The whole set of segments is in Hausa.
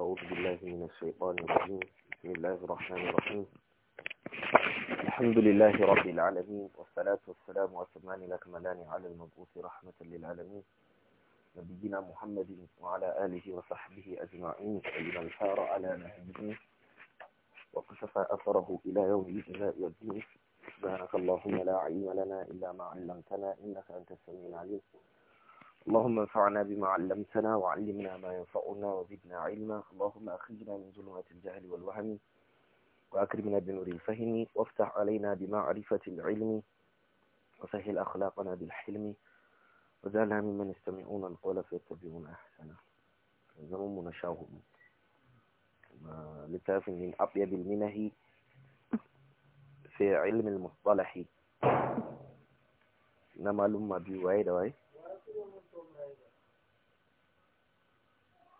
أعوذ بالله من الشيطان الرجيم بسم الله الرحمن الرحيم الحمد لله رب العالمين والصلاة والسلام وأتمان الأكملان على المبعوث رحمة للعالمين نبينا محمد وعلى آله وصحبه أجمعين سيدنا الحار على نهجه وقصف أثره إلى يوم الجزاء والدين سبحانك اللهم لا علم لنا إلا ما علمتنا إنك أنت السميع العليم اللهم انفعنا بما علمتنا وعلمنا ما ينفعنا وزدنا علما اللهم أخرجنا من ظلمات الجهل والوهم وأكرمنا بنور الفهم وافتح علينا بمعرفة العلم وسهل أخلاقنا بالحلم وزالنا ممن يستمعون القول فيتبعون أحسنه زمن منشاهم لتعرف من أطيب المنه في علم المصطلح نما لما بيوعي وائد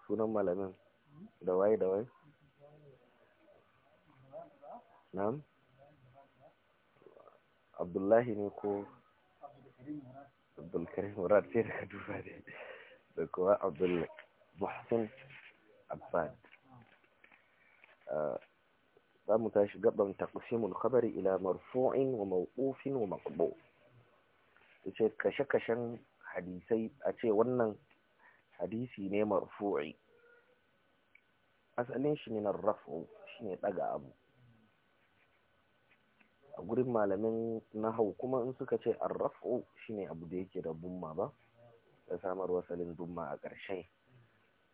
sunan malamin da waye da waye na'am abdullahi ne ko abdulkarim murad sai daga duba ne da kuwa abdul muhsin abbad ah, za mu tashi gaban taqsimul khabari ila marfu'in wa mawqufin wa maqbu yace kashe-kashen hadisai a ce wannan hadisi ne marfu'i asalin shi ne na rafu shi ne ɗaga abu a gurin malamin na hau kuma in suka ce rafu shi ne abu da yake da dumma ba da samar wasalin dumma a ƙarshe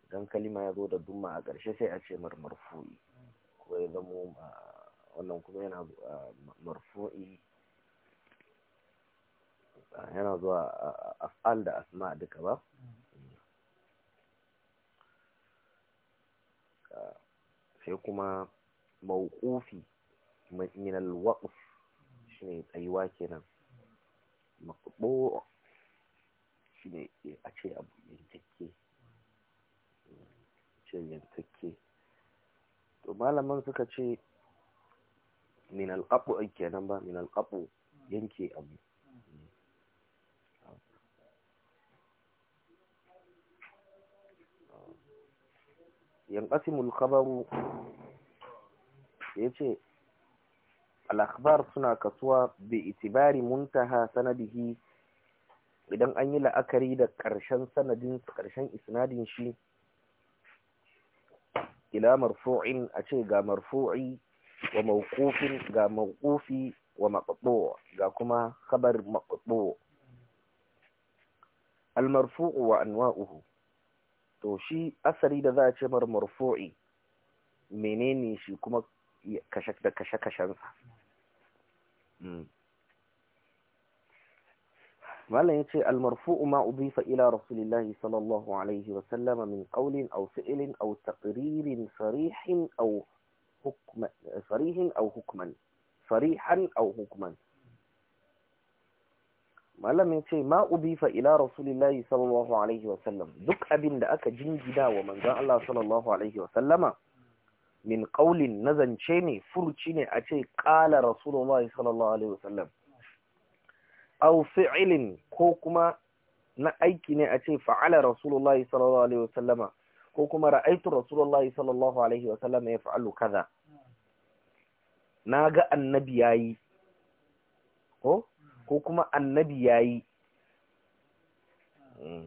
don kalima ya zo da dumma a ƙarshe sai a ce marmarfu'i ko ya zamo wannan kuma yana marfu'i yana zuwa af'al da asma duka ba sai kuma mawqufi min al-waqf shine tsayuwa kenan maqbu shine a ce abu yankakke ce yankakke to malaman suka ce min al-qabu kenan ba min al-qabu yanke abu yanqasimul khabaru yace al-akhbar suna kasuwa bai itibari muntaha sanadihi idan an yi la'akari da ƙarshen sanadin ƙarshen isnadin shi ila ga marfu'i wa ga mawqufi wa maqtu' ga kuma khabar maqtu' al-marfu'u wa anwa'uhu to shi asali da za a ce mar marfu'i menene shi kuma kashe da kashe-kashensa hmm. malam yace al-marfu'u ma ubifa ila rasulillahi sallallahu alaihi wa sallam min qawlin au fi'ilin au taqririn sarihin au hukman sarihan aw hukman malam ya ce ma ubifa ila rasulillahi sallallahu alaihi wa sallam duk abin da aka jingida wa manzon Allah sallallahu alaihi wa sallama min qaulin nazance ne furuci ne a ce qala rasulullahi sallallahu alaihi wa sallam aw fi'lin ko kuma na aiki ne a ce fa'ala rasulullahi sallallahu alaihi wa sallama ko kuma ra'aytu rasulullahi sallallahu alaihi wa sallama ya kaza na ga annabi yayi ko ko kuma annabi yayi hmm.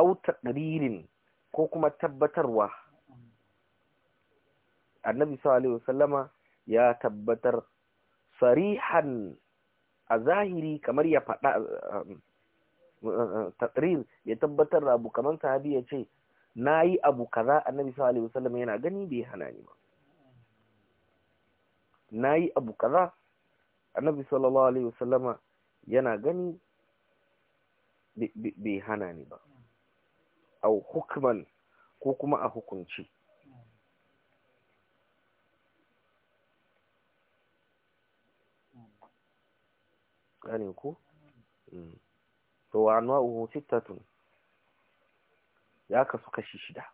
au taqririn ko kuma tabbatarwa annabi sallallahu alaihi ya tabbatar sarihan a zahiri kamar ya faɗa taqrir ya tabbatar da abu kamar sahabi ya ce na yi abu kaza annabi sallallahu alaihi yana gani bai hana ni ba Na yi abu kaza annabi sallallahu alaihi wasallama yana gani bai hana ni ba au hukman ko kuma a hukunci gane ku mm. to wa anwa'uhu sittatun ya kasu kashi shida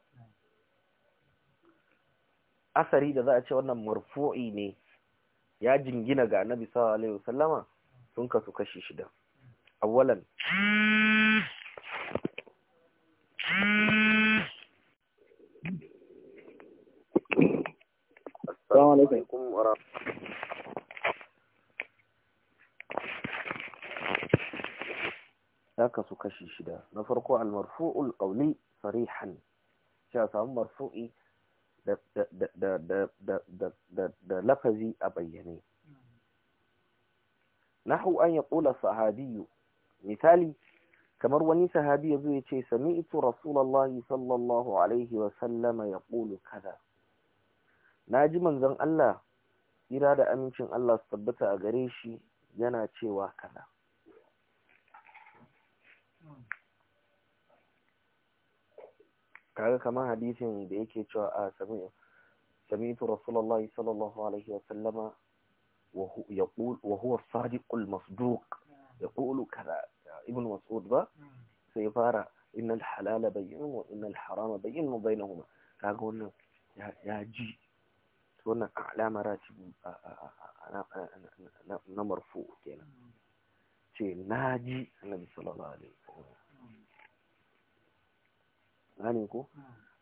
asari da za a ce wannan marfu'i ne ya jingina ga annabi sallallahu alaihi wasallama sun kasu kashi shida awwalan السلام عليكم ورحمة ذاك سكشي شدا نفرق المرفوع القولي صريحا شا سام مرفوعي da lafazi a bayyane nahu an ya ƙula sahabiyu misali kamar wani sahabi ya ya ce ito Rasulallah sallallahu alaihi wa ya ƙulu kada na ji manzan Allah tsira da amincin Allah su tabbata a gare shi yana cewa kada kaga kamar hadisin da yake cewa a ah, sami'a sami'tu rasulullahi sallallahu alaihi wa sallama wa huwa sadiqul masduq yaqulu kaza ibn mas'ud ba hmm. sai fara innal halala bayyin wa innal harama bayyinun bainahuma kaga wannan ya ji wannan alama ci na marfu kenan hmm. ce naji annabi sallallahu alaihi wasallam gane ko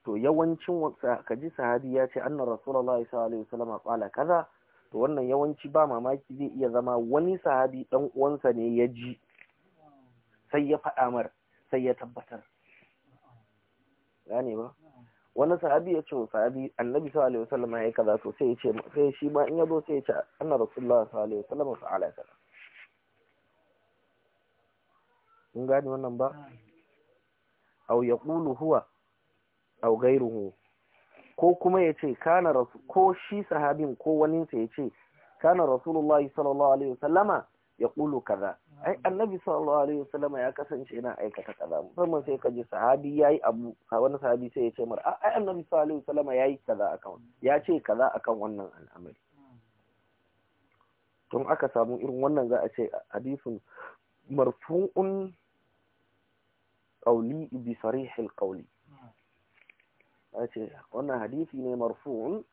to yawancin ka ji sahabi ya ce annar rasulullahi sallallahu alaihi wasallam kaza to wannan yawanci ba mamaki zai iya zama wani sahabi dan uwansa ne ya ji sai ya faɗa mar sai ya tabbatar gane ba wani sahabi ya ce wa sahabi annabi sallallahu alaihi wasallam ya kaza to sai ya ce sai shi ma in ya zo sai ya ce annar rasulullahi sallallahu alaihi wasallam fa'ala kaza mun gane wannan ba aw yaqulu huwa aw ghayruhu ko kuma yace kana rasul ko shi sahabin ko wani sa yace kana rasulullahi sallallahu alaihi wasallama yaqulu kaza ai annabi sallallahu alaihi wasallama ya kasance yana aikata kaza musamman sai kaje sahabi yayi abu wani sahabi sai yace mar ai annabi sallallahu alaihi wasallama yayi kaza akan ya ce kaza akan wannan al'amari tun aka samu irin wannan za a ce hadisin marfu'un القولي wannan hadisi ne marfu'un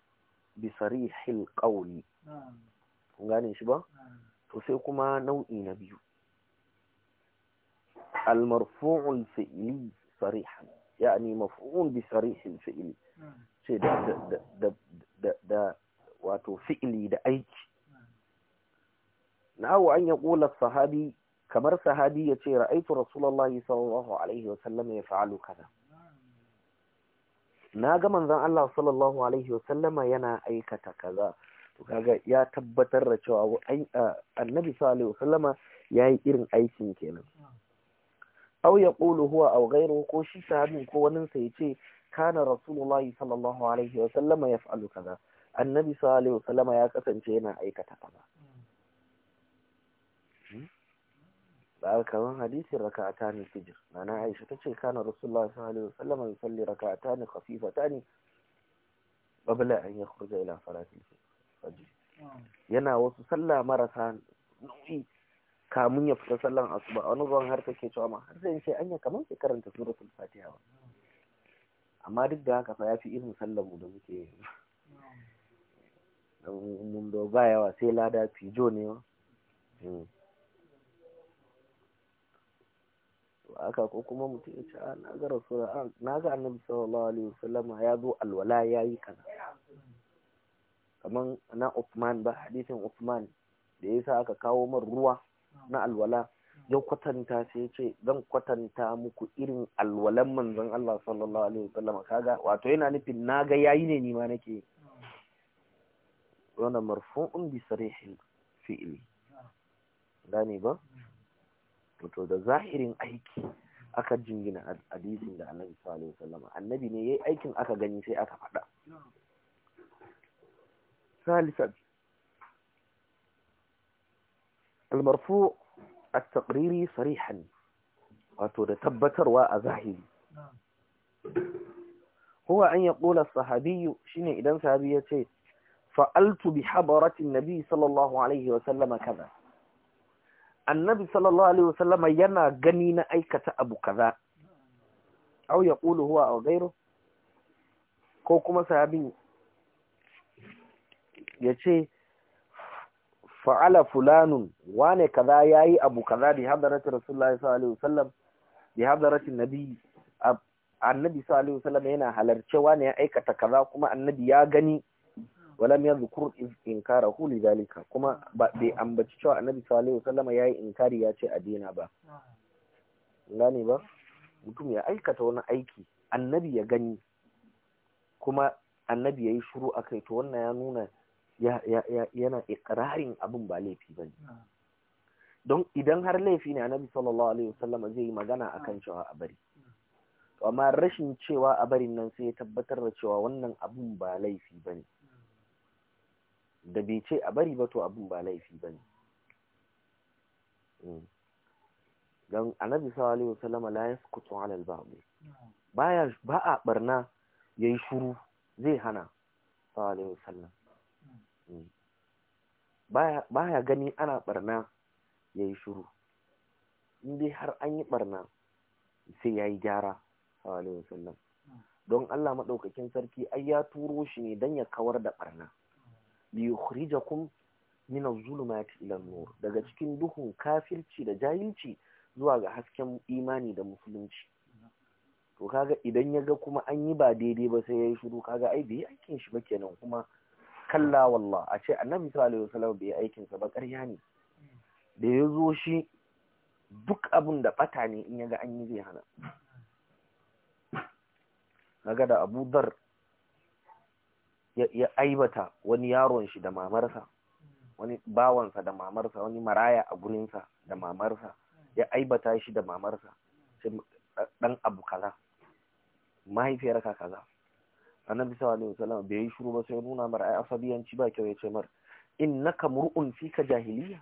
bi sarihil qawli kun gane shi ba to sai kuma nau'i na biyu al marfu'ul fi'li sarihan yani bi sarihil fi'li sai da da da da wato fi'li da aiki nau an ya sahabi kamar sahabi ya ce ra'aitu rasulullahi sallallahu alaihi wasallam ya fa'alu kaza na ga manzon Allah sallallahu alaihi wasallama yana aikata kaza to kaga ya tabbatar da cewa annabi sallallahu alaihi wasallama yayi irin aikin kenan aw yaqulu huwa aw ghayruhu ko shi sahabin ko wani sa yace kana rasulullahi sallallahu alaihi wasallama yaf'alu kaza annabi sallallahu alaihi wasallama ya kasance yana aikata kaza Ba kamar hadisin raka'atani fijr nana Aisha tace kana Rasulullahi sallallahu alaihi wasallam yusalli raka'atani khafifatani qabla an yakhruja ila salati fajr yana wasu sallah marasa nauyi kamun ya fita sallan asuba wani ruwan har take cewa ma har zai ce anya kamar ke karanta suratul fatiha ba amma duk da haka fa yafi irin sallar mu da muke yi mun do ba yawa sai lada fijo ne haka ko kuma mutum ya ce ah, na ga rasulullah ah, na ga annabi sallallahu alaihi wasallam ya zo alwala yayi kaza kaman na Uthman ba hadisin Uthman da yasa aka kawo min ruwa na alwala ya kwatanta sai ya ce zan kwatanta muku irin alwalan manzon Allah sallallahu alaihi wasallam kaga wato yana nufin na ga yayi ne ni ma nake wannan marfu'un bi sarihil fi'li gane ba to da zahirin aiki aka jingina hadisin da annabi sallallahu alaihi wasallam annabi ne yayi aikin aka gani sai aka faɗa ثالثا المرفوع التقريري صريحا wato da tabbatarwa a zahiri huwa an yaqula as-sahabiyyu shine idan sahabi yace fa'altu bi habaratin nabi sallallahu alaihi wa kaza annabi sallallahu alaihi wasallam yana gani na aikata abu kaza au ya ƙulu huwa a gairo ko kuma sahabi ya ce fa'ala fulanun wane kaza ya yi abu kaza da hadarati rasulullahi sallallahu alaihi wasallam da hadarati nabi annabi sallallahu alaihi wasallam yana halarce wane ya aikata kaza kuma annabi ya gani walam yadhkur inkarahu lidhalika kuma ba bai ambaci cewa annabi sallallahu alaihi wasallam yayi inkari ya ce a dena ba mutum ya aikata wani aiki annabi ya gani kuma annabi yayi shiru akai to wannan ya nuna yana ikrarin abin ba laifi ne. don idan har laifi ne annabi sallallahu alaihi wasallam zai yi magana akan cewa a bari amma rashin cewa a barin nan sai ya tabbatar da cewa wannan abun ba laifi bane da bai ce a bari ba to abin ba laifi ba ne mm. don annabi sallallahu wasallama la yaskutu ala al ba baya ba a barna ya yi shuru zai hana sallallahu wasallam mm. Ba ya gani ana barna yi shuru in dai har an yi barna sai ya yi gyara sallallahu wasallam don Allah maɗaukakin sarki ai ya turo shi ne don ya kawar da barna liyukhrijakum min az-zulumati ila nur daga cikin duhun kafirci da jahilci zuwa ga hasken imani da musulunci to kaga idan yaga kuma an yi ba daidai ba sai yayi shiru kaga ai bai aikin shi ba kenan kuma kalla wallah a ce annabi sallallahu alaihi wasallam bai aikin sa ba ƙarya ne da ya zo shi duk abin da bata ne in yaga anyi an yi zai hana kaga da Abu Dhar ya aibata wani yaron shi da mamarsa wani bawansa da mamarsa wani maraya a gurinsa da mamarsa ya aibata shi da mamarsa sai dan abu kaza mahaifiyar ka kaza annabi sallallahu alaihi wasallam bai yi shiru ba sai nuna mar ai asabiyanci ba kyau ce mar innaka mur'un fika jahiliya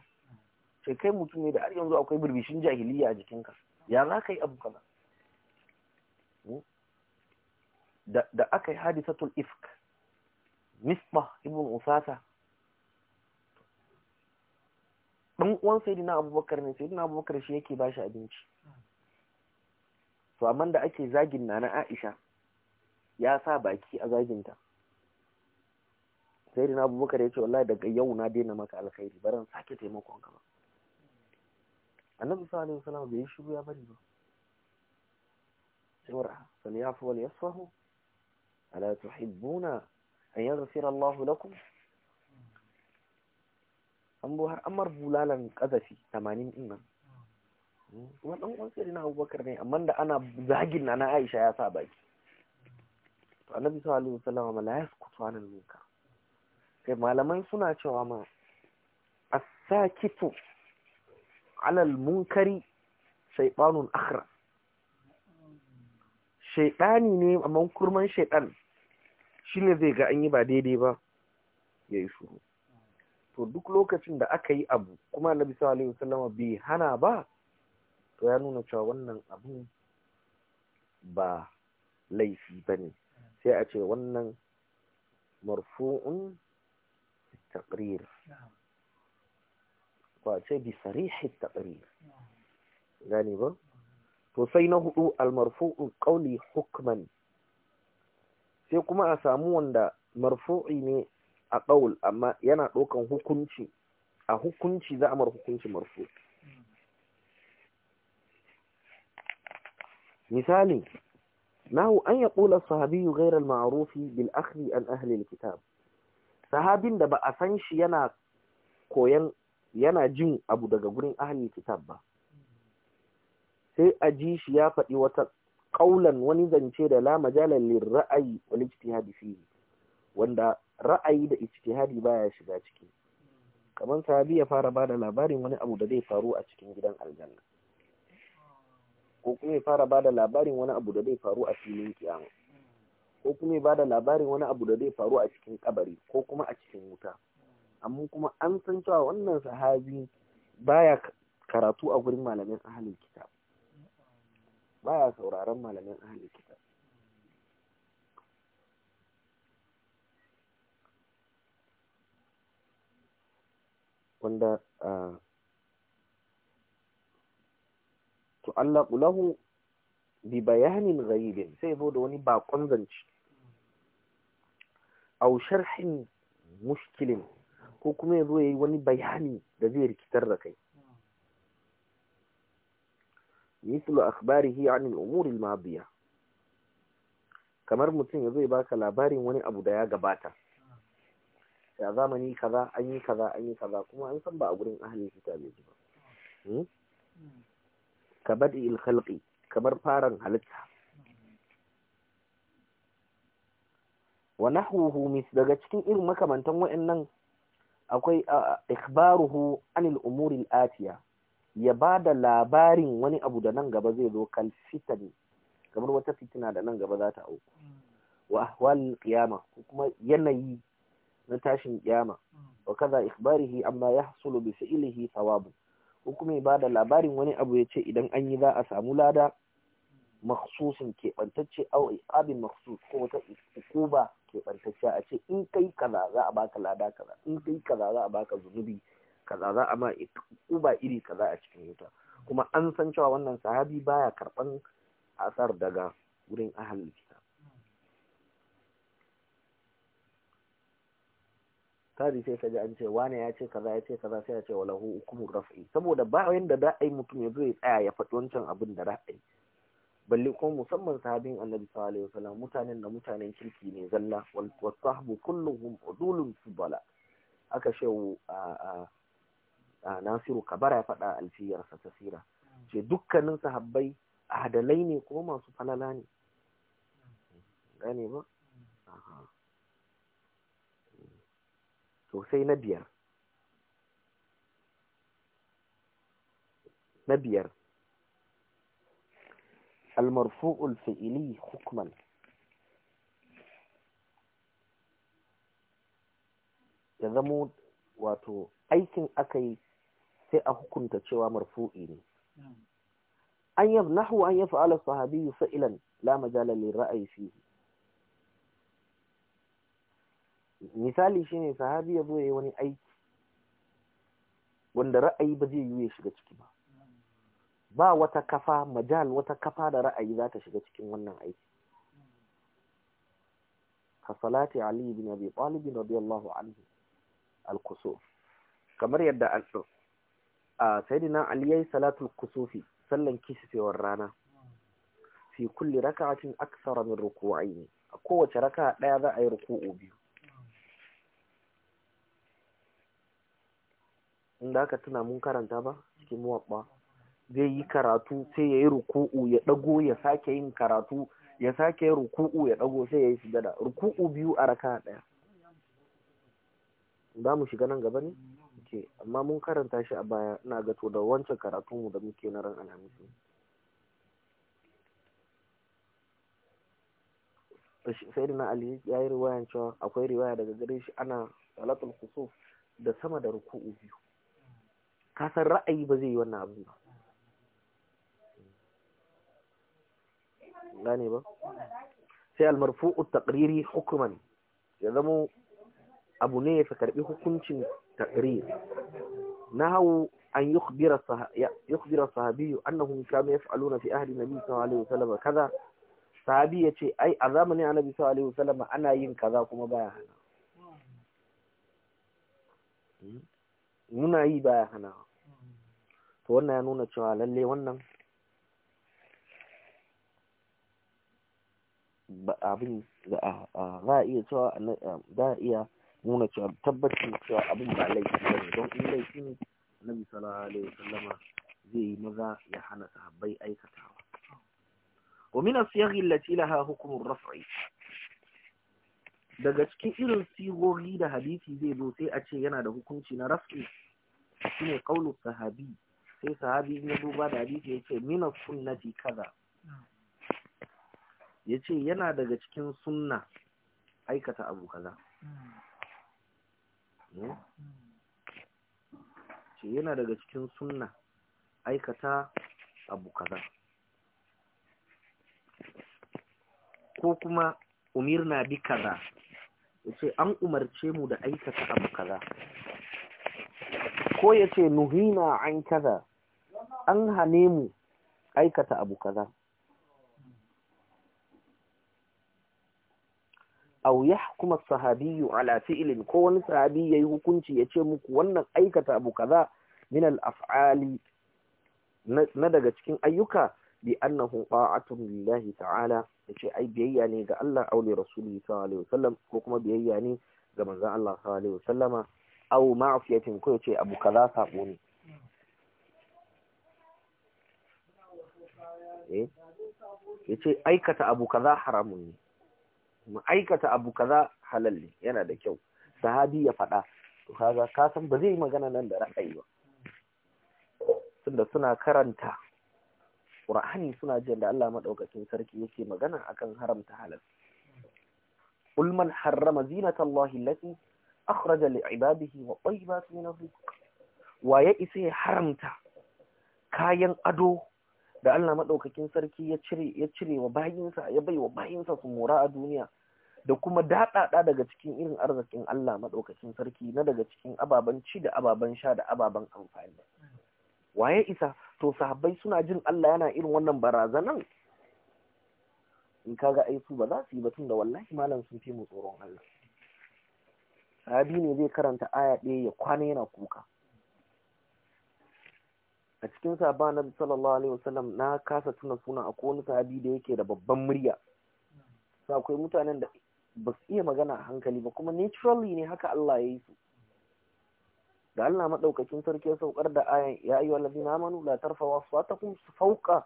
sai kai mutum ne da har yanzu akwai birbishin jahiliya a jikinka ya za ka yi abu kaza hmm? da aka yi hadisatul ifk misbah ibn usasa dan uwan sayyidina abubakar ne sayyidina abubakar shi yake bashi abinci to amma da ake zagin nana aisha ya sa baki a zaginta sayyidina abubakar ya ce wallahi daga yau na daina maka alkhairi baran sake taimakon ka ba annabi sallallahu alaihi wasallam bai shiru ya bari ba sai wara fal yafu wal yasfahu ala tuhibbuna an yaghfira Allah lakum an bu amar bulalan kazafi 80 din nan kuma dan uwan sirri na Abubakar ne amma da ana zagin na Aisha ya sa baki to annabi sallallahu alaihi wasallam la yaskutu anil munkar sai malaman suna cewa ma as-sakitu alal munkari shaytanun akhra shaytani ne amma kurman shaytan shine zai ga an yi ba daidai ba ya yi shuru to duk lokacin da aka yi abu kuma annabi sallallahu alaihi bai hana ba to ya nuna cewa wannan abun ba laifi bane sai a ce wannan marfu'un taqrir ko a ce bi sarihi taqrir gani ba to sai na hudu al ƙauli qawli hukman sai kuma a samu wanda marfu'i ne a ƙawul amma yana ɗaukan hukunci a hukunci za a mar hukunci marfu'i misali nahu an ya ƙula sahabiyu gairar ma'arufi bil akhri an ahli kitab sahabin da ba a san shi yana koyan yana jin abu daga gurin ahli kitab ba sai a ji shi ya faɗi wata kaulan wani zance da la majala lil ra'ayi wal ijtihadi fihi wanda ra'ayi da ijtihadi baya shiga ciki kamar sahabi ya fara bada labarin wani abu da zai faru a cikin gidan aljanna ko kuma ya fara bada labarin wani abu da zai faru a filin kiyama ko kuma ya bada labarin wani abu da zai faru a cikin kabari ko kuma a cikin wuta amma kuma an san cewa wannan sahabi baya karatu a gurin malamin ahalin kitab baya sauraron malamin ahalin kitab wanda ah, Allah lahu bi bayanin ghaibin sai zo da wani bakon zance au sharhin mushkilin ko kuma yazo yayi wani bayani da zai rikitar da kai mislu akhbarihi an al-umur al-madiya kamar mutum ya zai baka labarin wani abu da ya gabata ya zamani kaza an yi kaza an yi kaza kuma an san ba a gurin ahalin kitabe ji ba hmm? ka badi al khalqi kamar faran halitta wa nahwuhu daga cikin irin makamantan wayannan akwai ikhbaruhu anil umur al-atiya ya ba da labarin wani abu da nan gaba zai zo kal fitani kamar wata fitina da nan gaba za ta auku wa ahwal qiyama kuma yanayi na tashin kiyama wa kaza ikhbarihi amma yahsulu bi fi'lihi thawabu ko kuma ba da labarin wani abu ya ce idan an yi za a samu lada makhsusin bantacce au abin makhsus ko wata ke bantacce a ce in kai kaza za a baka lada kaza in kai kaza za a baka zunubi kaza za a ma uba iri kaza a cikin wuta kuma an san cewa wannan sahabi baya karban asar daga wurin ahalin kitab tari sai ka ji an ce wane ya ce kaza ya ce kaza sai ya ce walahu hukumur raf'i saboda ba da da ai mutum ya zo ya tsaya ya faɗi wancan abin da ra'ayi balle ko musamman sahabin annabi sallallahu alaihi wasallam mutanen da mutanen kirki ne zalla wal sahbu kulluhum udulun subala aka ce a nasiru kabara ya faɗa alfiyarsa ta sira ce dukkanin sahabbai ahadalai ne ko masu falala ne gane ba to sai na biyar na biyar almarfu'ul fi'ili hukman ya zamo wato aikin aka yi sai a hukunta cewa marfu'i ne an yaf nahu an yaf'ala sahabi fa'ilan la majala lil ra'ayi fi. misali shine sahabi ya zo yayi wani aiki wanda ra'ayi ba zai yi ya shiga ciki ba ba wata kafa majal wata kafa da ra'ayi za ta shiga cikin wannan aiki ka salati ali bin abi talib radiyallahu anhu al-kusuf kamar yadda a saidina ali ya yi salatul kusufi sallan kisfewar rana fi kulli raka'atin aksara min ruku'aini a kowace raka ɗaya za a yi ruku'u biyu inda aka tuna mun karanta ba cikin muwabba zai yi karatu sai ya yi ruku'u ya dago ya sake yin karatu ya sake yin ruku'u ya ɗago sai ya yi sujada ruku'u biyu a raka ɗaya. za mu shiga nan gaba ne ce amma mun karanta shi a baya ina ga to da wancan mu da muke na ran alhamis sai na ali ya yi riwayan cewa akwai riwaya daga gare shi ana salatul kusuf da sama da ruku'u biyu ka san ra'ayi ba zai yi wannan abin ba gane ba sai almarfu'u taqriri hukuman ya zamo abu ne ya karbi hukuncin تقرير نهوا أن يخبر يخبر الصحابي أنهم كانوا يفعلون a أهل النبي صلى الله عليه وسلم كذا sahabi ya ce ai a zamanin annabi sallallahu alaihi wasallam ana yin kaza kuma baya hana muna yi baya hana to wannan ya nuna cewa lalle wannan abin za a iya cewa za a iya nuna cewa tabbacin cewa abin ba laifi ba ne don in laifi ne annabi sallallahu alaihi wasallama zai yi maza ya hana sahabbai aikatawa wa min asiyaghi allati laha ar raf'i daga cikin irin sigogi da hadisi zai zo sai a ce yana da hukunci na raf'i shine qaulu sahabi sai sahabi ya duba da hadisi ya ce min sunnati kaza ya ce yana daga cikin sunna aikata abu kaza hmm. ce hmm? yana daga cikin sunna aikata abu kaza ko kuma Umir na bi kaza yace an umarce mu da aikata abu kaza ko yace nuhina an kaza an hane mu aikata abu kaza aw yahkuma as-sahabiyyu ala fi'lin ko wani sahabi yayi hukunci ya ce muku wannan aikata abu kaza min al-af'ali na daga cikin ayyuka bi annahu ta'atun lillahi ta'ala yace ai biyayya ne ga Allah aw li rasulihi sallallahu alaihi wasallam ko kuma biyayya ne ga manzon Allah sallallahu alaihi wasallama aw ma'afiyatin ko yace abu kaza sabo ne eh? yace aikata abu kaza haramun ne mu aikata abu kaza halal ne yana da kyau sahabi ya faɗa to kaga ka san ba zai yi magana nan da ra'ayi ba tunda suna karanta Qur'ani suna jin da Allah madaukakin sarki yake magana akan haramta halal man harrama zinatallahi allati akhraja li'ibadihi wa tayyibatin min rizq wa ya isa haramta kayan ado da Allah maɗaukakin sarki ya cire ya cire wa bayinsa ya bai wa bayinsa su mora a duniya da kuma daɗaɗa daga cikin irin arzikin Allah maɗaukakin sarki na daga cikin ababen ci da ababen sha da ababen amfani waye isa to sahabbai suna jin Allah yana irin wannan barazanan in kaga ai su ba za su yi ba tun da wallahi malam sun fi mu tsoron Allah sahabi ne zai karanta aya ɗaya ya kwana yana kuka a cikin sahaba nabi sallallahu alaihi wasallam na kasa tuna suna a wani sahabi da yake da babban murya sa akwai mutanen da ba su iya magana a hankali ba kuma naturally ne haka Allah ya yi su da Allah madaukakin sarki ya saukar da ayan ya ayyuhal ladina amanu la tarfa'u aswatakum fawqa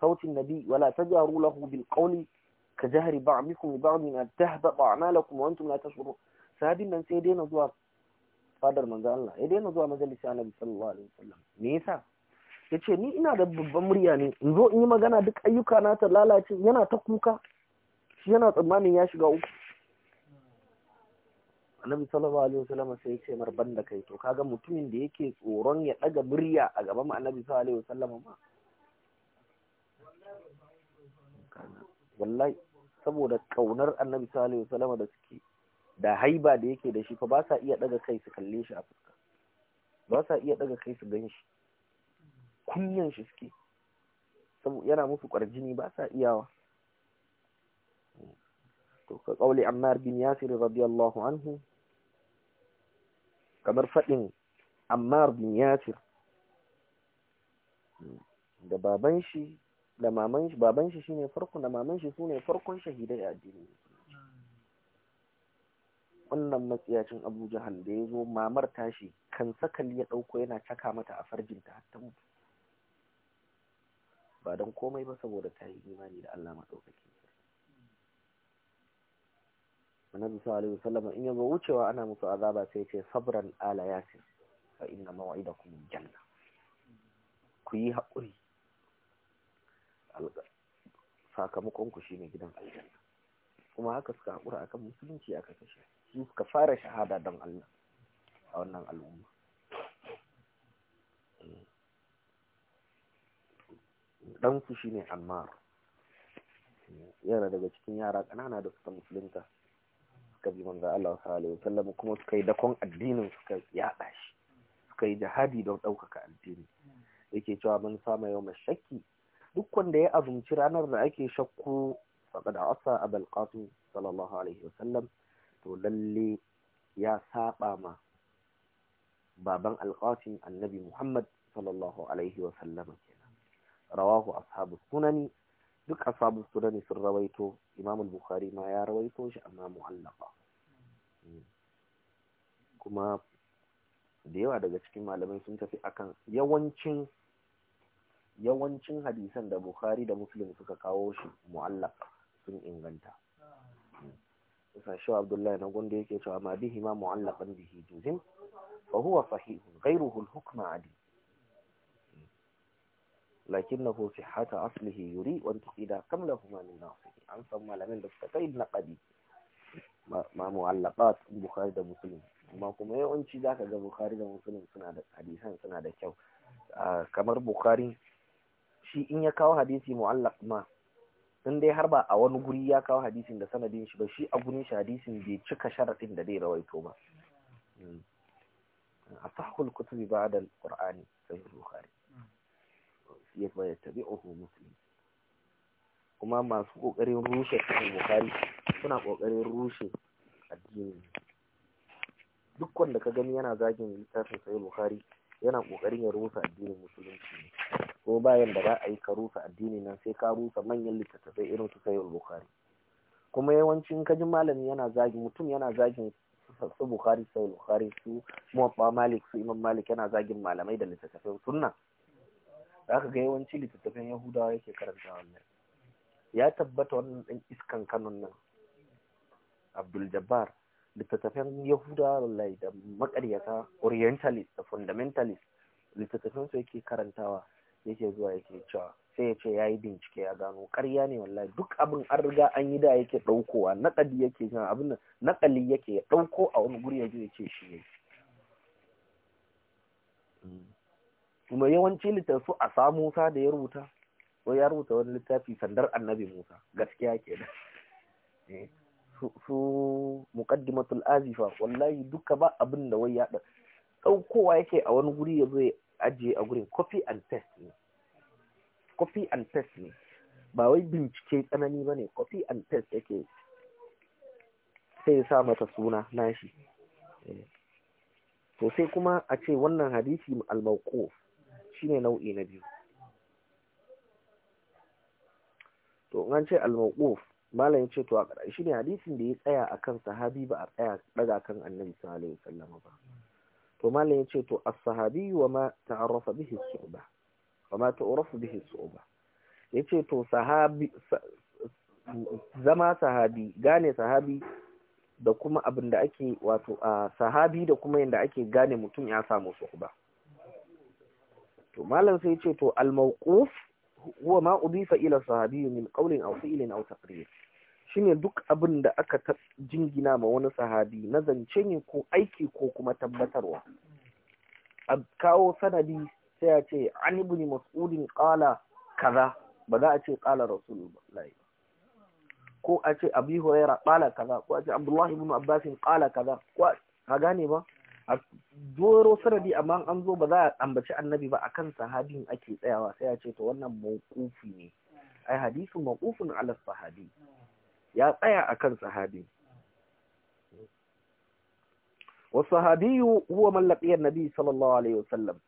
sautin nabi wala tajaru lahu bil qawli ka jahri ba'dikum ba'min ba'dina tahbata a'malakum wa antum la tashurun sahabin nan sai daina zuwa fadar manzo Allah ya daina zuwa Majalisar annabi sallallahu alaihi wasallam me yasa yace ni ina da babban murya ne in zo in yi magana duk ayyuka na ta lalace yana ta kuka shi yana tsammanin ya shiga uku annabi sallallahu alaihi wasallam sai ya ce mar banda kai to kaga mutumin da yake tsoron ya daga murya a gaban annabi sallallahu alaihi wasallam ma wallahi saboda kaunar annabi sallallahu alaihi wasallam da suke da haiba da yake da shi fa ba sa iya daga kai su kalle shi a fuska ba sa iya daga kai su gan shi kunyan shi suke yana musu kwarjini ba sa iyawa to ka kauli ammar bin yasir radiyallahu anhu kamar fadin ammar bin yasir da baban shi da maman shi baban shi shine farkon da maman shi sune farkon shahidai a addini wannan matsiyacin abu jahal da ya zo mamar tashi kan sakali ya ɗauko yana caka mata a farjinta har ta mutu ba don komai ba saboda ta yi imani da Allah maɗaukaki annabi sallallahu alaihi wasallam in yanzu wucewa ana musu azaba sai ce sabran ala yasin fa inna maw'idakum janna ku yi haƙuri sakamakon ku shine gidan aljanna kuma haka suka haƙura akan musulunci aka kashe su suka fara shahada don Allah a wannan al'umma ɗansu shi ne ammar yana daga cikin yara ƙanana da suka musulunta suka bi manza Allah sallallahu alaihi kuma suka yi dakon addinin suka yaɗa shi suka yi jihadi don ɗaukaka addini yake cewa mun sama yau shakki duk wanda ya azumci ranar da ake shakku faqad asa abul qasim sallallahu alaihi wa sallam. to lalle ya saba ma baban alƙasin annabi Muhammad sallallahu alaihi wa sallama kenan rawahu ashabu sunani duk ashabu sunani sun rawaito imam bukhari ma ya rawaito shi amma mu'allafa hmm. kuma da yawa daga cikin malamai sun tafi akan yawancin yawancin hadisan da bukhari da muslim suka kawo shi mu'allaf sun inganta yasa shi abdullahi na gundu yake cewa ma bihi ma mu'allaqan bihi juzim fa huwa sahih ghayruhu al-hukm adi lakinnahu sihhata aslihi yuri wa tuqida kam lahuma min nasihi an san malamin da suka kai naqadi ma mu'allaqat bukhari da muslim amma kuma yawanci zaka ga bukhari da muslim suna da hadisan suna da kyau ah, kamar bukhari shi in ya kawo hadisi mu'allaq ma Sun dai har ba a wani guri ya kawo hadisin da sanadin shi ba shi a gurin shi hadisin bai cika sharaɗin da zai rawaito ba hmm. hmm. a sahul kutubi ba da qur'ani sai bukhari hmm. ya ba tabi'uhu muslim kuma masu kokarin rushe sahih bukhari suna kokarin rushe addini duk wanda ka gani yana zagin littafin sahih bukhari yana kokarin ya rusa addinin musulunci ko bayan da za a yi ka rusa addini nan sai ka rusa manyan littattafai irin su sayyid bukari kuma yawancin kajin malami yana zagi mutum yana zagin su bukari sayyid bukari su muwaffa malik su imam malik yana zagin malamai da littattafai sunna ka ga yawanci littattafan yahudawa yake karanta wannan ya tabbata wannan ɗan iskan kanon nan abdul jabbar littattafan yahudawa wallahi da makaryata orientalist da fundamentalist littattafan su yake karantawa yake zuwa yake cewa sai ya ce ya yi bincike ya gano ƙarya ne wallahi duk abin an riga an yi da yake ɗaukowa naƙali yake jan abin naƙali yake ya ɗauko a wani guri ya je ya ce shi ne hmm. kuma yawanci littafi a sa musa da ya rubuta ko ya rubuta wani littafi sandar annabi musa gaskiya ke da eh. su muqaddimatul azifa wallahi duka ba abin da wai ya ɗaukowa yake a wani guri ya zo ajiye a gurin copy and paste ne copy and paste ne ba wai bincike tsanani ba ne copy and paste yake sai ya sa mata suna nashi eh. to sai kuma a ce wannan hadisi al-mawquf shine nau'i na biyu to an ce al-mawquf malam yace ce to a ƙarshe ne hadisin da ya tsaya akan sahabi ba a tsaya daga kan annabi sallallahu alaihi wasallam ba to malin yace to as-sahabi wa ma ta'arafa bihi as-su'ba wa ma ta'arafa bihi as-su'ba yace to sahabi zama sahabi gane sahabi da kuma abin da ake wato a sahabi da kuma yadda ake gane mutum ya samu suhba to malin sai ce to al-mawquf huwa ma udifa ila sahabi min qawlin aw fi'lin aw taqrir shine duk abin da aka jingina ma wani sahabi na zance ne ko aiki ko kuma tabbatarwa a kawo sanadi sai a ce an ibn mas'udin qala kaza ba za a ce qala rasulullahi ko a ce abi huraira qala kaza ko a ce abdullahi ibn abbas qala kaza ko ka gane ba a doro sanadi amma an zo ba za a ambaci annabi ba akan sahabin ake tsayawa sai a ce to wannan mawqufi ne ai hadisin mawqufun ala sahabi ya tsaya a kan sahabi والصحابي هو huwa لقي النبي صلى الله عليه وسلم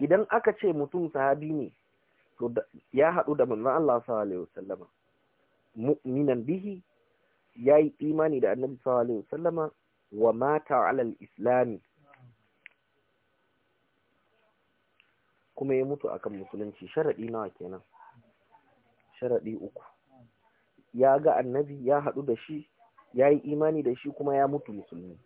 idan aka ce mutum sahabi ne to ya haɗu da manzan Allah sallallahu alaihi wasallama mu'minan bihi ya yi imani da annabi sallallahu alaihi wasallama wa mata alal islami. kuma ya mutu akan musulunci sharaɗi nawa kenan sharaɗi uku ya ga annabi ya haɗu da shi ya yi imani da shi kuma ya mutu musulmi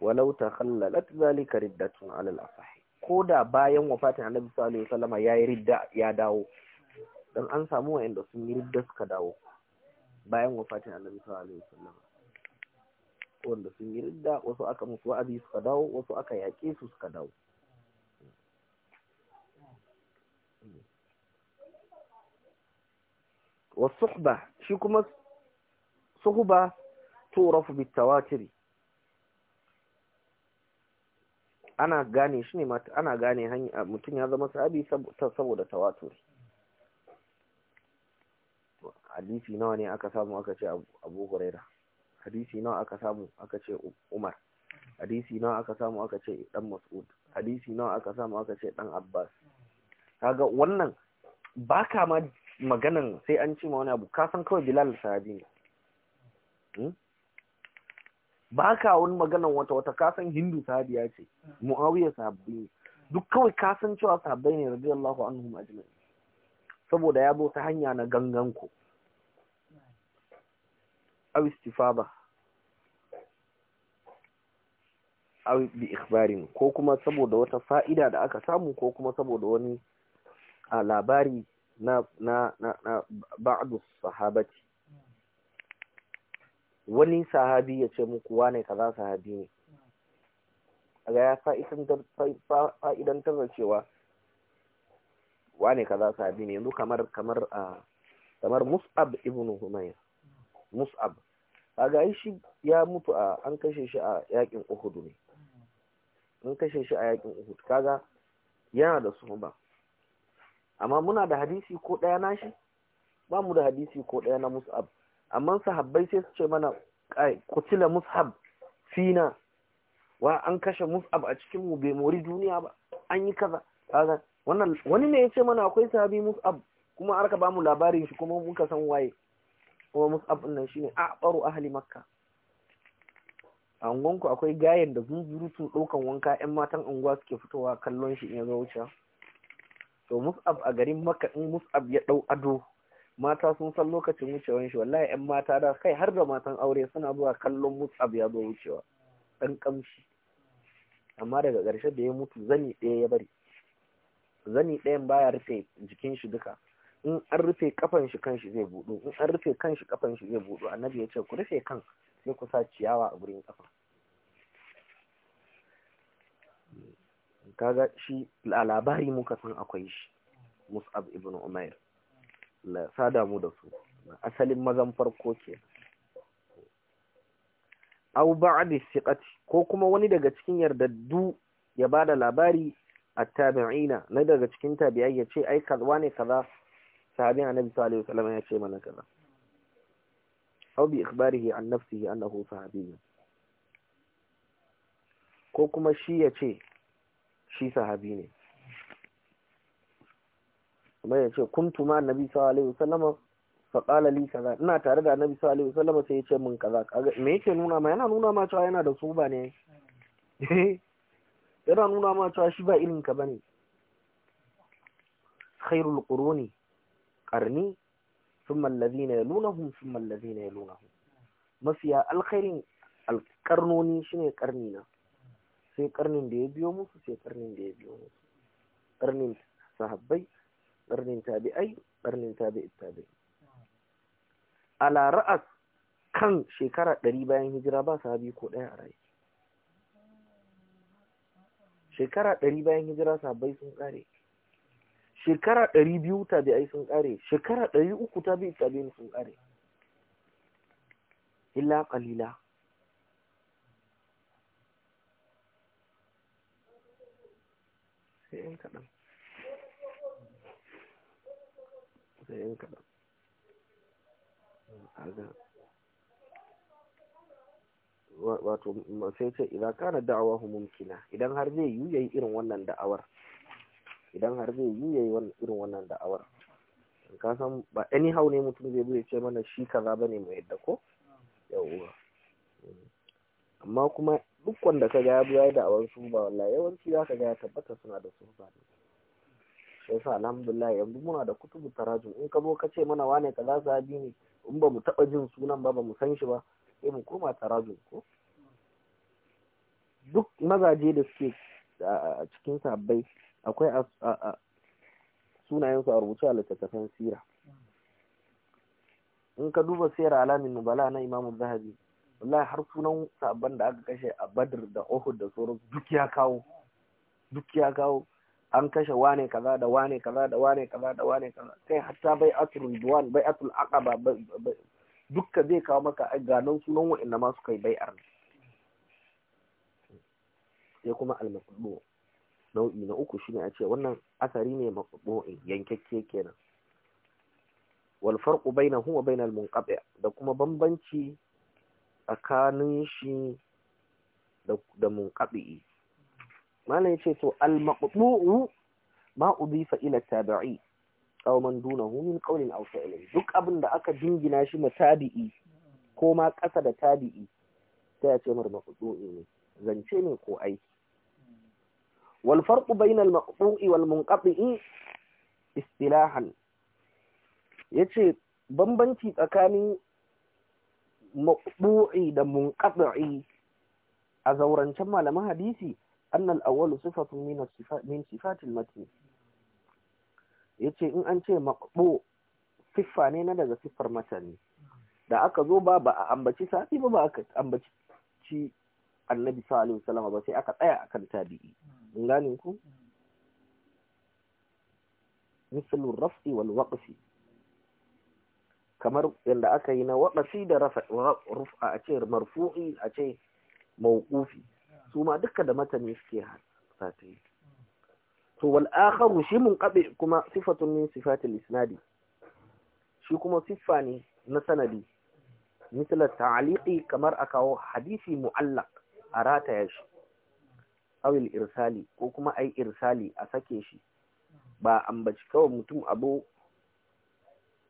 walau ta khallalat zalika riddatun alal asahi ko da bayan wafatin annabi sallallahu alaihi wasallama ya yi ridda ya dawo dan an samu wa'anda sun yi ridda suka dawo bayan wafatin annabi sallallahu alaihi wasallama wanda sun yi ridda wasu aka musu wa'azi suka dawo wasu aka yaƙe su suka dawo والصحبة شي كما صحبة تعرف بالتواتر ana gane shi ana gane mutum ya zama sahabi saboda tawaturi hadisi nawa ne aka samu aka ce abu huraira hadisi nawa aka samu aka ce umar hadisi nawa aka samu aka ce dan mas'ud hadisi nawa aka samu aka ce dan abbas kaga wannan baka ma maganan sai an ce wani abu kasan kawai bilal sahabi ne hmm? ba ka wani maganan wata wata kasan hindu ya ce muawiya sahabbi ne duk kawai kasan cewa ne radiyallahu anhu ajma'in saboda ya bauta hanya na gangan ku aw istifaba aw bi ikhbarin ko kuma saboda wata fa'ida da aka samu ko kuma saboda wani a labari na na na, na ba'du sahabati wani sahabi ya ce muku wane kaza sahabi ne aga ya fa'idantar da cewa wane kaza sahabi ne yanzu kamar kamar a kamar mus'ab ibn humayr mus'ab aga shi ya mutu a an kashe shi a yakin uhud ne an kashe shi a yakin uhud kaga yana da suhuba amma muna da hadisi ko ɗaya nashi ba mu da hadisi ko ɗaya na mus'ab amma sahabbai sai su ce mana kai kutila mus'ab fina wa an kashe mus'ab a cikin mu bai mori duniya ba an yi kaza kaza wannan wani ne ya ce mana akwai sahabi mus'ab kuma arka ba mu labarin shi kuma muka san waye kuma mus'ab nan shine a ahli makka a unguwanku akwai gayen da zunzuru sun ɗaukan wanka 'yan matan unguwa suke fitowa kallon shi in ya zo wuce to mus'ab a garin maka in mus'ab ya ɗau ado mata sun san lokacin wucewan shi wallahi yan mata da kai har da matan aure suna zuwa kallon mus'ab ya zo wucewa ɗan ƙamshi amma daga ƙarshe da ya mutu zani ɗaya ya bari zani ɗayan baya rufe jikin shi duka in an rufe kafan shi kan zai buɗu in an rufe kan shi kafan shi zai buɗu annabi ya ce ku rufe kan sai ku sa ciyawa a gurin kafa kaga shi a labari muka san akwai shi mus'ab ibn umair la sada mu da su asalin mazan farko ke aw ba'di siqati ko kuma wani daga cikin yardaddu ya bada labari at-tabi'ina na daga cikin tabi'ai ya ce ai kaza ne kaza sahabi annabi sallallahu alaihi wasallam ya ce mana kaza aw bi ikhbarihi an nafsihi annahu sahabi ko kuma shi ya ce shi sahabi ne kuma ya ce kuntu ma annabi sallallahu alaihi wasallama fa qala li kaza ina tare da annabi sallallahu alaihi wasallama sai ya ce min kaza me yake nuna ma yana nuna ma cewa yana da ba ne yana nuna ma cewa shi ba irin ka bane khairul quruni qarni thumma alladhina ya thumma alladhina Masu mafiya alkhairin alqarnoni shine ƙarni na sai karnin da ya biyo musu sai karnin da ya biyo musu karnin sahabbai karnin tabi'ai karnin tabi'i tabi'i ala ra'as kan shekara ɗari bayan hijira ba sahabi ko ɗaya a rai shekara ɗari bayan hijira sahabbai sun ƙare shekara ɗari biyu tabi'ai sun ƙare shekara ɗari uku tabi'i tabi'in sun ƙare illa ƙalila sai yan kaɗan sai yan kaɗan aga wato sai ce idan kana da'awa mumkina idan har zai yi yayi irin wannan da'awar idan har zai yi yayi irin wannan da'awar ka san ba anyhow ne mutum zai zo ya ce mana shi kaza bane mu yadda ko yawwa hmm. amma kuma duk wanda ka ga ya da awar su ba wallahi yawanci za ka ga ya tabbata suna da su ba sai sa alhamdulillah yanzu muna da kutubu tarajum in ka zo ka ce mana wane ka za su haji ne in ba mu taba jin sunan ba ba mu san shi ba sai mu koma tarajum ko duk mazaje da suke a cikin sabbai akwai sunayensu a rubuce a littattafan sira in ka duba sayar alamin nubala na imamu zahabi wallahi har sunan sabon da aka kashe a badr da uhud da sauran duk ya kawo duk ya kawo an kashe wane kaza da wane kaza da wane kaza da wane kaza kai hatta bai atul duwan bai atul aqaba dukka zai kawo maka nan sunan wa'anda ma suka yi bai'ar sai kuma almasbu nau'i na uku shine a ce wannan asari ne maqbu'in yankakke kenan wal farqu bainahu wa bainal munqati da kuma bambanci tsakanin shi da munqati mana yace to al maqtu'u ma udifa ila tabi'i aw man dunahu min qawlin aw fi'lin duk abin da aka dingina shi ma tabi'i ko ma ƙasa da tabi'i sai ya ce mar maqtu'i ne zance ne ko aiki wal farqu bayna al maqtu'i wal munqati istilahan yace bambanci tsakanin maɓu'i da munƙaɗa'i a zaurancen malaman hadisi annal awwalu sifatu min min sifatil matn yace in an ce maqbu siffa ne na daga siffar matani da aka zo ba ba ambaci safi ba ba aka ambaci ci annabi sallallahu alaihi ba sai aka tsaya akan tabi'i in gane ku misalu rafi wal waqfi kamar yadda aka yi na waɗasi da rufa a ce marfu'i a ce mawukufi su ma duka da matani suke sata yi to wal shi mun munqabi kuma sifatun ne sifatil isnadi shi kuma siffa ne na sanadi misalar ta'aliki kamar a kawo hadisi mu'allak a rataya shi awil irsali ko kuma ai irsali a sake shi ba ambaci kawai mutum abu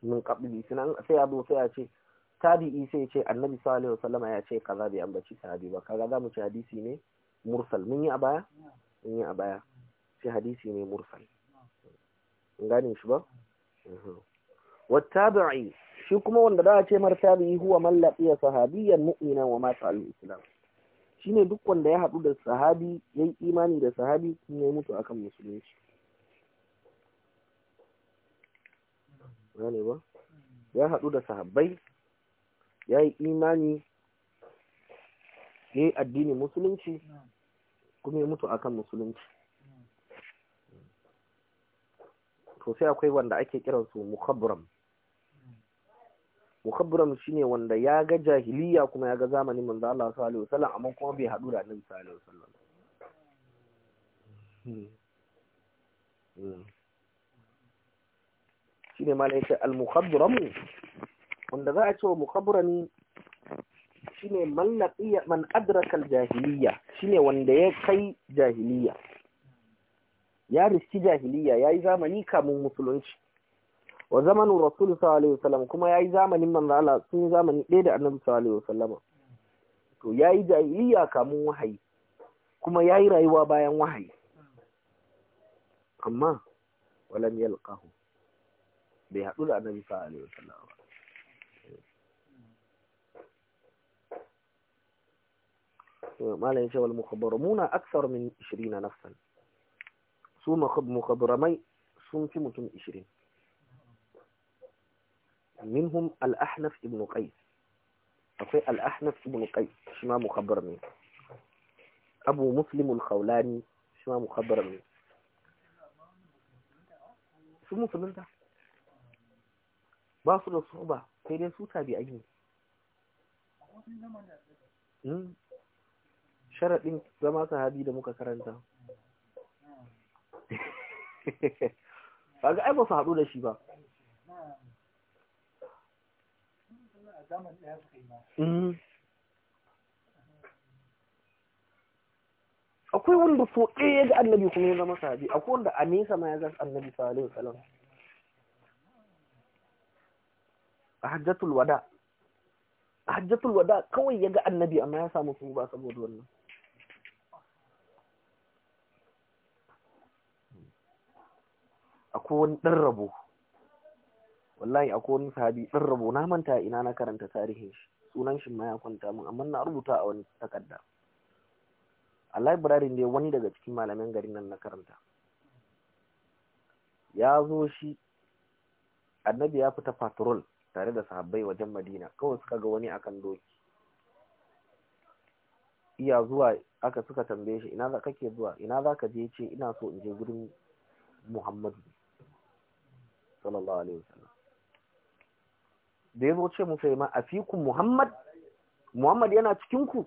Mun qabli sinan sai abu sai ya ce tabi'i sai ya ce annabi sallallahu alaihi wasallam ya ce kaza bai ambaci sahabi ba kaga zamu ci hadisi ne mursal mun yi a baya mun yi a baya sai hadisi ne mursal gane shi ba tabi'i shi kuma wanda da ce mar tabi'i huwa man ya sahabiyan mu'mina wa mata al-islam shine duk wanda ya haɗu da sahabi yayi imani da sahabi kuma ya mutu akan musulunci gane ba ya haɗu da sahabbai ya yi imani ya yi addini musulunci kuma ya mutu akan musulunci to sai akwai wanda ake kiransu mukhabram mukhabram shine wanda ya ga jahiliya kuma ya ga zamanin manzo Allah sallallahu alaihi wasallam amma kuma bai haɗu da annabi sallallahu alaihi wasallam hmm. Hmm. shine malai shi al-mukhadramu wanda za a ce wa mukhadrami shine ne laqiya man adraka al-jahiliya ne wanda ya kai jahiliya ya riski jahiliya ya yi zamani kamun musulunci wa zamanin rasul sallallahu alaihi wasallam kuma yi zamanin manzo Allah sun yi zamani ɗaya da annabi sallallahu alaihi wasallam to yi jahiliya kamun wahayi kuma yi rayuwa bayan wahayi amma walam yalqahu bai haɗu da annabi sallallahu alaihi wasallam ba malam ya ce wal mukhabbaramuna aksar min 20 nafsan su mukhabbaramai sun fi mutum 20 minhum al-ahnaf ibn qais akwai al-ahnaf ibn qais shi ma mukhabbar ne abu muslim al-khawlani shi ma mukhabbar ne su musulunta ba su da su ba sai dai su tabi ayi hmm. sharaɗin zama sahabi da muka karanta kaga ai ba su haɗu da shi ba hmm. akwai wanda so ɗaya ga annabi kuma ya zama sahabi akwai wanda a nesa ma ya zama annabi sallallahu alaihi wasallam a hajjatul wada a hajjatul wada kawai ya ga annabi amma ya samu su ba saboda wannan akwai wani ɗan rabo wallahi akwai wani sahabi ɗan rabo na manta ina na karanta tarihin shi sunan shi ma ya kwanta mun amma na rubuta a wani takarda a library ne wani daga cikin malamin garin nan na karanta ya zo shi annabi ya fita patrol tare da sahabbai wajen madina kawai suka ga wani akan doki iya zuwa aka suka tambaye shi ina za kake zuwa ina za ka je ce ina so in je gurin muhammadu sallallahu alaihi wasallam da ya zo ce mu sai ma a fiku muhammad muhammad yana cikinku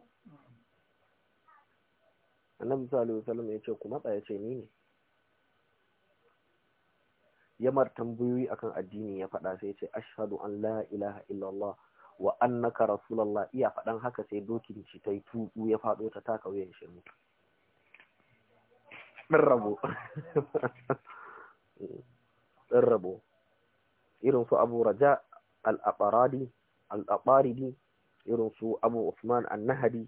annabi sallallahu alaihi wasallam ya ce ku matsa ya ce ni ne ya mar tambayoyi akan addini ya faɗa sai ce ashhadu an la ilaha illallah wa annaka rasulullah iya faɗan haka sai dokin shi ta yi ya faɗo ta taka wayan shi mutu mm. rabo irin su abu raja al-aqaradi al-aqaridi irin su abu usman an-nahdi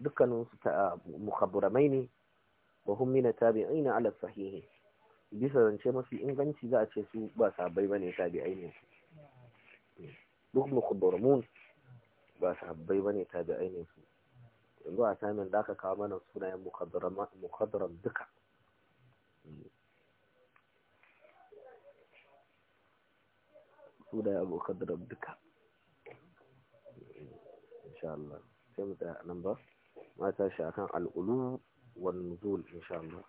dukkanin su ta mukhabbaramai ne wa hum min tabi'ina ala sahihi bisa zance mafi inganci za a ce su ba sabai ba ne tabi'ai su. duk mukhbarmun ba sabai ba ne tabi ne su yanzu a samun da aka kawo mana sunayen mukhadram duka sunayen mukhadram duka insha Allah sai mu tsaya nan ba mata shi akan al'ulu wa nuzul insha Allah